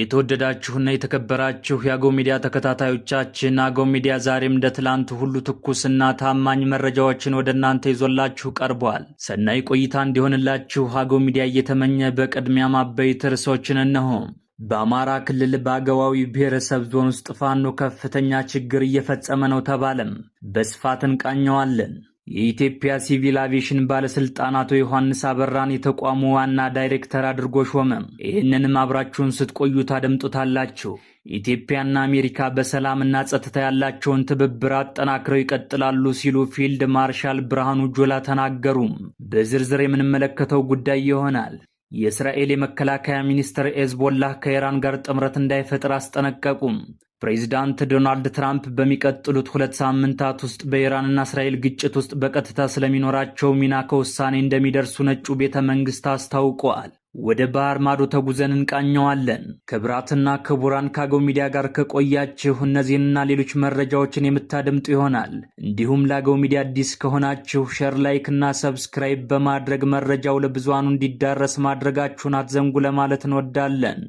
የተወደዳችሁና የተከበራችሁ የአገው ሚዲያ ተከታታዮቻችን አጎ ሚዲያ ዛሬም እንደ ትላንት ሁሉ ትኩስና ታማኝ መረጃዎችን ወደ እናንተ ይዞላችሁ ቀርቧል። ሰናይ ቆይታ እንዲሆንላችሁ አጎ ሚዲያ እየተመኘ በቅድሚያ ማበይት ርዕሶችን እነሆም በአማራ ክልል በአገባዊ ብሔረሰብ ዞን ውስጥ ፋኖ ከፍተኛ ችግር እየፈጸመ ነው ተባለም። በስፋት እንቃኘዋለን። የኢትዮጵያ ሲቪል አቪሽን ባለስልጣን አቶ ዮሐንስ አበራን የተቋሙ ዋና ዳይሬክተር አድርጎ ሾመ ይህንንም አብራችሁን ስትቆዩ ታደምጡታላችሁ። ኢትዮጵያና አሜሪካ በሰላምና ጸጥታ ያላቸውን ትብብር አጠናክረው ይቀጥላሉ ሲሉ ፊልድ ማርሻል ብርሃኑ ጆላ ተናገሩም። በዝርዝር የምንመለከተው ጉዳይ ይሆናል። የእስራኤል የመከላከያ ሚኒስትር ኤዝቦላህ ከኢራን ጋር ጥምረት እንዳይፈጥር አስጠነቀቁም። ፕሬዚዳንት ዶናልድ ትራምፕ በሚቀጥሉት ሁለት ሳምንታት ውስጥ በኢራንና እስራኤል ግጭት ውስጥ በቀጥታ ስለሚኖራቸው ሚና ከውሳኔ እንደሚደርሱ ነጩ ቤተ መንግስት አስታውቀዋል። ወደ ባህር ማዶ ተጉዘን እንቃኘዋለን። ክብራትና ክቡራን ከአገው ሚዲያ ጋር ከቆያችሁ እነዚህንና ሌሎች መረጃዎችን የምታደምጡ ይሆናል። እንዲሁም ለአገው ሚዲያ አዲስ ከሆናችሁ ሸር፣ እና ሰብስክራይብ በማድረግ መረጃው ለብዙሃኑ እንዲዳረስ ማድረጋችሁን አትዘንጉ ለማለት እንወዳለን።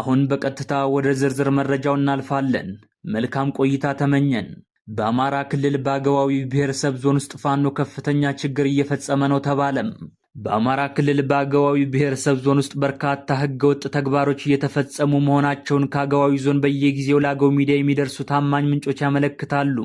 አሁን በቀጥታ ወደ ዝርዝር መረጃው እናልፋለን። መልካም ቆይታ ተመኘን። በአማራ ክልል በአገባዊ ብሔረሰብ ዞን ውስጥ ፋኖ ከፍተኛ ችግር እየፈጸመ ነው ተባለም። በአማራ ክልል በአገዋዊ ብሔረሰብ ዞን ውስጥ በርካታ ህገወጥ ተግባሮች እየተፈጸሙ መሆናቸውን ከአገዋዊ ዞን በየጊዜው ለአገው ሚዲያ የሚደርሱ ታማኝ ምንጮች ያመለክታሉ።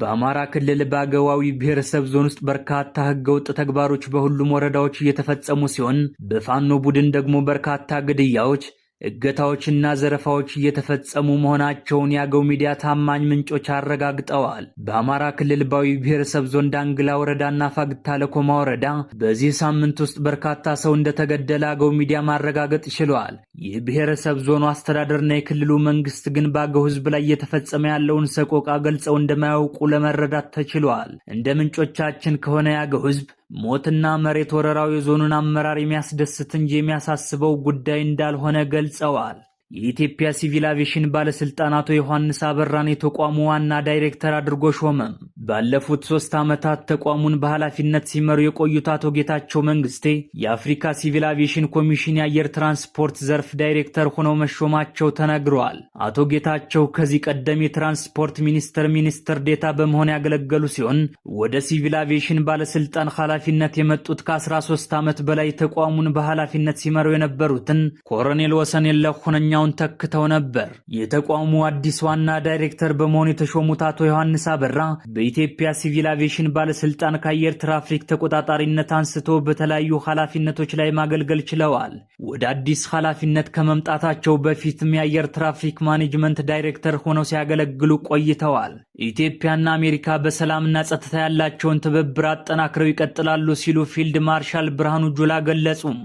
በአማራ ክልል በአገዋዊ ብሔረሰብ ዞን ውስጥ በርካታ ህገወጥ ተግባሮች በሁሉም ወረዳዎች እየተፈጸሙ ሲሆን፣ በፋኖ ቡድን ደግሞ በርካታ ግድያዎች እገታዎችና ዘረፋዎች እየተፈጸሙ መሆናቸውን የአገው ሚዲያ ታማኝ ምንጮች አረጋግጠዋል። በአማራ ክልል ባዊ ብሔረሰብ ዞን ዳንግላ ወረዳና ፋግታ ለኮማ ወረዳ በዚህ ሳምንት ውስጥ በርካታ ሰው እንደተገደለ አገው ሚዲያ ማረጋገጥ ችሏል። ይህ ብሔረሰብ ዞኑ አስተዳደርና የክልሉ መንግስት ግን በአገው ህዝብ ላይ እየተፈጸመ ያለውን ሰቆቃ ገልጸው እንደማያውቁ ለመረዳት ተችሏል። እንደ ምንጮቻችን ከሆነ የአገው ህዝብ ሞትና መሬት ወረራው የዞኑን አመራር የሚያስደስት እንጂ የሚያሳስበው ጉዳይ እንዳልሆነ ገልጸዋል። የኢትዮጵያ ሲቪል አቪሽን ባለስልጣናቱ ዮሐንስ አበራን የተቋሙ ዋና ዳይሬክተር አድርጎ ሾመም። ባለፉት ሶስት ዓመታት ተቋሙን በኃላፊነት ሲመሩ የቆዩት አቶ ጌታቸው መንግስቴ የአፍሪካ ሲቪል አቪዬሽን ኮሚሽን የአየር ትራንስፖርት ዘርፍ ዳይሬክተር ሆነው መሾማቸው ተነግረዋል። አቶ ጌታቸው ከዚህ ቀደም የትራንስፖርት ሚኒስቴር ሚኒስትር ዴታ በመሆን ያገለገሉ ሲሆን ወደ ሲቪል አቪዬሽን ባለስልጣን ኃላፊነት የመጡት ከ13 ዓመት በላይ ተቋሙን በኃላፊነት ሲመሩ የነበሩትን ኮሎኔል ወሰን የለህ ሁነኛውን ተክተው ነበር። የተቋሙ አዲስ ዋና ዳይሬክተር በመሆን የተሾሙት አቶ ዮሐንስ አበራ የኢትዮጵያ ሲቪል አቪዬሽን ባለስልጣን ከአየር ትራፊክ ተቆጣጣሪነት አንስቶ በተለያዩ ኃላፊነቶች ላይ ማገልገል ችለዋል። ወደ አዲስ ኃላፊነት ከመምጣታቸው በፊትም የአየር ትራፊክ ማኔጅመንት ዳይሬክተር ሆነው ሲያገለግሉ ቆይተዋል። ኢትዮጵያና አሜሪካ በሰላምና ጸጥታ ያላቸውን ትብብር አጠናክረው ይቀጥላሉ ሲሉ ፊልድ ማርሻል ብርሃኑ ጁላ ገለጹም።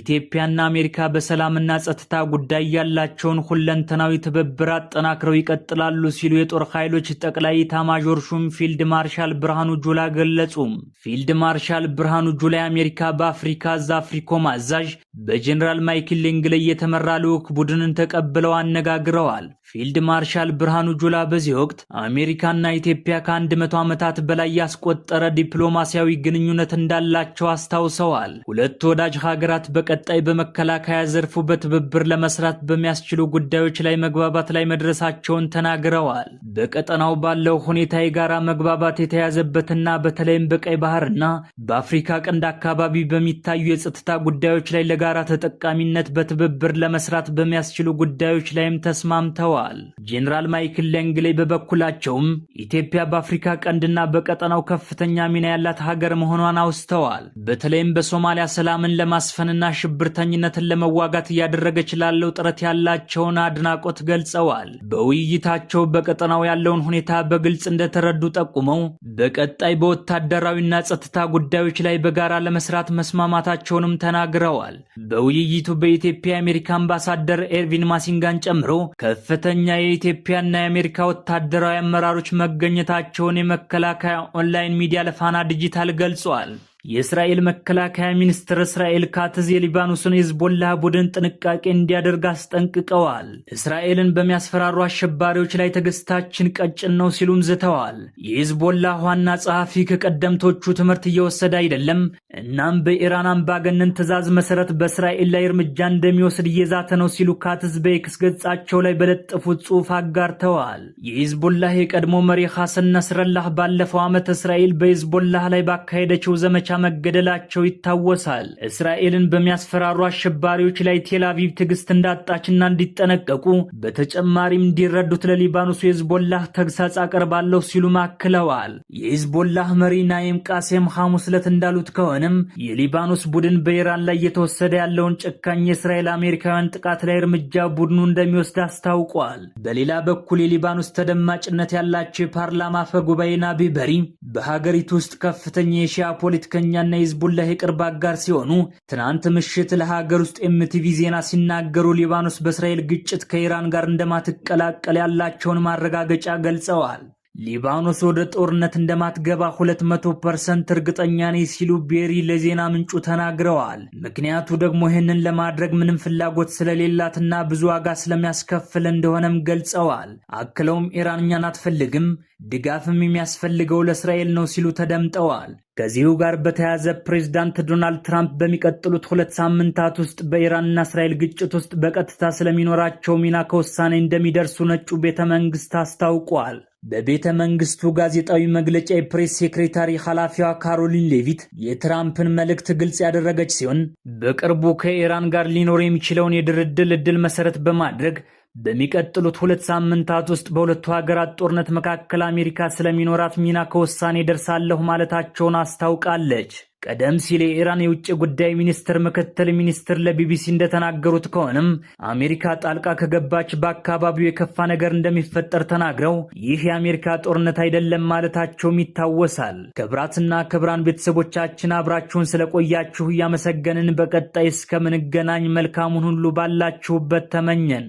ኢትዮጵያና አሜሪካ በሰላምና ጸጥታ ጉዳይ ያላቸውን ሁለንተናዊ ትብብር አጠናክረው ይቀጥላሉ ሲሉ የጦር ኃይሎች ጠቅላይ ኢታማዦር ሹም ፊልድ ፊልድ ማርሻል ብርሃኑ ጁላ ገለጹ። ፊልድ ማርሻል ብርሃኑ ጁላ የአሜሪካ በአፍሪካ እዝ አፍሪኮም አዛዥ በጀኔራል ማይክል ሌንግሌይ የተመራ ልዑክ ቡድንን ተቀብለው አነጋግረዋል። ፊልድ ማርሻል ብርሃኑ ጁላ በዚህ ወቅት አሜሪካና ኢትዮጵያ ከ100 ዓመታት በላይ ያስቆጠረ ዲፕሎማሲያዊ ግንኙነት እንዳላቸው አስታውሰዋል። ሁለቱ ወዳጅ ሀገራት በቀጣይ በመከላከያ ዘርፉ በትብብር ለመስራት በሚያስችሉ ጉዳዮች ላይ መግባባት ላይ መድረሳቸውን ተናግረዋል። በቀጠናው ባለው ሁኔታ የጋራ መግባባት የተያዘበትና በተለይም በቀይ ባህርና በአፍሪካ ቀንድ አካባቢ በሚታዩ የጸጥታ ጉዳዮች ላይ ለጋራ ተጠቃሚነት በትብብር ለመስራት በሚያስችሉ ጉዳዮች ላይም ተስማምተዋል። ተናግረዋል። ጄኔራል ማይክል ሌንግሌ በበኩላቸውም ኢትዮጵያ በአፍሪካ ቀንድና በቀጠናው ከፍተኛ ሚና ያላት ሀገር መሆኗን አውስተዋል። በተለይም በሶማሊያ ሰላምን ለማስፈንና ሽብርተኝነትን ለመዋጋት እያደረገች ላለው ጥረት ያላቸውን አድናቆት ገልጸዋል። በውይይታቸው በቀጠናው ያለውን ሁኔታ በግልጽ እንደተረዱ ጠቁመው በቀጣይ በወታደራዊና ጸጥታ ጉዳዮች ላይ በጋራ ለመስራት መስማማታቸውንም ተናግረዋል። በውይይቱ በኢትዮጵያ የአሜሪካ አምባሳደር ኤርቪን ማሲንጋን ጨምሮ ከፍተ ከፍተኛ የኢትዮጵያና የአሜሪካ ወታደራዊ አመራሮች መገኘታቸውን የመከላከያ ኦንላይን ሚዲያ ለፋና ዲጂታል ገልጿል። የእስራኤል መከላከያ ሚኒስትር እስራኤል ካትዝ የሊባኖስን ሂዝቦላህ ቡድን ጥንቃቄ እንዲያደርግ አስጠንቅቀዋል። እስራኤልን በሚያስፈራሩ አሸባሪዎች ላይ ትዕግስታችን ቀጭን ነው ሲሉም ዝተዋል። የሂዝቦላህ ዋና ጸሐፊ ከቀደምቶቹ ትምህርት እየወሰደ አይደለም፣ እናም በኢራን አምባገነን ትዕዛዝ መሰረት በእስራኤል ላይ እርምጃ እንደሚወስድ እየዛተ ነው ሲሉ ካትዝ በኤክስ ገጻቸው ላይ በለጠፉት ጽሑፍ አጋርተዋል። የሂዝቦላህ የቀድሞ መሪ ሐሰን ነስረላህ ባለፈው ዓመት እስራኤል በሂዝቦላህ ላይ ባካሄደችው ዘመቻ መገደላቸው ይታወሳል። እስራኤልን በሚያስፈራሩ አሸባሪዎች ላይ ቴላቪቭ ትዕግስት እንዳጣችና እንዲጠነቀቁ በተጨማሪም እንዲረዱት ለሊባኖሱ የህዝቦላህ ተግሳጽ አቀርባለሁ ሲሉም አክለዋል። የህዝቦላህ መሪ ናይም ቃሴም ሐሙስ ዕለት እንዳሉት ከሆነም የሊባኖስ ቡድን በኢራን ላይ እየተወሰደ ያለውን ጨካኝ የእስራኤል አሜሪካውያን ጥቃት ላይ እርምጃ ቡድኑ እንደሚወስድ አስታውቋል። በሌላ በኩል የሊባኖስ ተደማጭነት ያላቸው የፓርላማ አፈ ጉባኤ ናቢ በሪ በሀገሪቱ ውስጥ ከፍተኛ የሺያ ፖለቲከ ፖለቲከኛና የህዝቡላህ የቅርብ አጋር ሲሆኑ ትናንት ምሽት ለሀገር ውስጥ ኤምቲቪ ዜና ሲናገሩ ሊባኖስ በእስራኤል ግጭት ከኢራን ጋር እንደማትቀላቀል ያላቸውን ማረጋገጫ ገልጸዋል። ሊባኖስ ወደ ጦርነት እንደማትገባ 200 ፐርሰንት እርግጠኛ ነኝ ሲሉ ቤሪ ለዜና ምንጩ ተናግረዋል። ምክንያቱ ደግሞ ይህንን ለማድረግ ምንም ፍላጎት ስለሌላትና ብዙ ዋጋ ስለሚያስከፍል እንደሆነም ገልጸዋል። አክለውም ኢራን እኛን አትፈልግም፣ ድጋፍም የሚያስፈልገው ለእስራኤል ነው ሲሉ ተደምጠዋል። ከዚሁ ጋር በተያያዘ ፕሬዝዳንት ዶናልድ ትራምፕ በሚቀጥሉት ሁለት ሳምንታት ውስጥ በኢራንና እስራኤል ግጭት ውስጥ በቀጥታ ስለሚኖራቸው ሚና ከውሳኔ እንደሚደርሱ ነጩ ቤተ መንግስት አስታውቋል። በቤተ መንግስቱ ጋዜጣዊ መግለጫ የፕሬስ ሴክሬታሪ ኃላፊዋ ካሮሊን ሌቪት የትራምፕን መልእክት ግልጽ ያደረገች ሲሆን በቅርቡ ከኢራን ጋር ሊኖር የሚችለውን የድርድር ዕድል መሰረት በማድረግ በሚቀጥሉት ሁለት ሳምንታት ውስጥ በሁለቱ ሀገራት ጦርነት መካከል አሜሪካ ስለሚኖራት ሚና ከውሳኔ ደርሳለሁ ማለታቸውን አስታውቃለች። ቀደም ሲል የኢራን የውጭ ጉዳይ ሚኒስትር ምክትል ሚኒስትር ለቢቢሲ እንደተናገሩት ከሆነም አሜሪካ ጣልቃ ከገባች በአካባቢው የከፋ ነገር እንደሚፈጠር ተናግረው ይህ የአሜሪካ ጦርነት አይደለም ማለታቸውም ይታወሳል። ክብራትና ክብራን ቤተሰቦቻችን አብራችሁን ስለቆያችሁ እያመሰገንን በቀጣይ እስከምንገናኝ መልካሙን ሁሉ ባላችሁበት ተመኘን።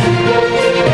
Música